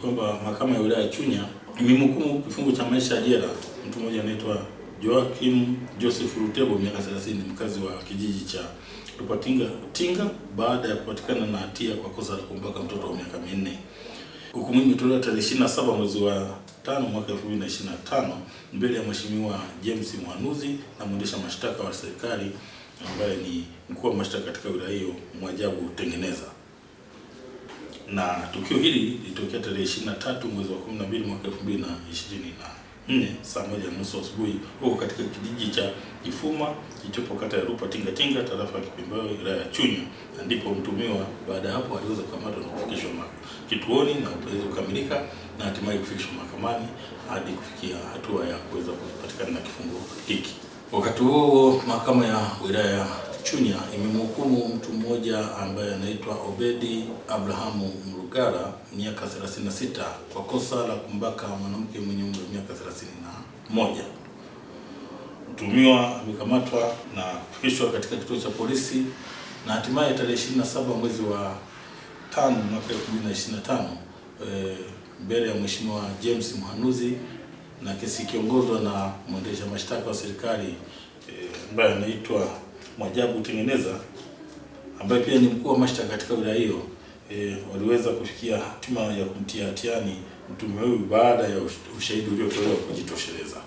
kwamba mahakama ya wilaya ya Chunya imemhukumu kifungo cha maisha jela mtu mmoja anaitwa Joachim Joseph Rutebo miaka 30 mkazi wa kijiji cha Lupatinga Tinga baada ya kupatikana na hatia kwa kosa la kumbaka mtoto wa miaka minne. Hukumu imetolewa tarehe 27 mwezi wa 5 mwaka 2025 mbele ya Mheshimiwa James Mwanuzi na mwendesha mashtaka wa serikali ambaye ni mkuu wa mashtaka katika wilaya hiyo Mwajabu Tengeneza na tukio hili lilitokea tarehe 23 mwezi wa 12 mwaka 2024 saa moja na nusu asubuhi huko katika kijiji cha Kifuma kilichopo kata ya Rupa Tingatinga tarafa ya Kipembewe wilaya ya Chunya, na ndipo mtumiwa baada ya hapo aliweza kukamatwa na kufikishwa kituoni na upelelezi kukamilika na hatimaye kufikishwa mahakamani hadi kufikia hatua ya kuweza kupatikana na kifungo hiki. Wakati huo mahakama ya wilaya Chunya imemhukumu mtu mmoja ambaye anaitwa Obedi Abrahamu Mrugara miaka 36 kwa kosa la kumbaka mwanamke mwenye umri wa miaka 31. mtumiwa amekamatwa na kufikishwa katika kituo cha polisi na hatimaye tarehe 27 mwezi wa 5 mwaka 2025 eh, mbele ya Mheshimiwa James Mhanuzi na kesi ikiongozwa na mwendesha mashtaka wa serikali eh, ambaye eh, anaitwa Mwajabu Kutengeneza ambaye pia ni mkuu wa mashtaka katika wilaya hiyo e, waliweza kufikia hatima ya kumtia hatiani mtume huyu baada ya ushahidi uliotolewa kujitosheleza.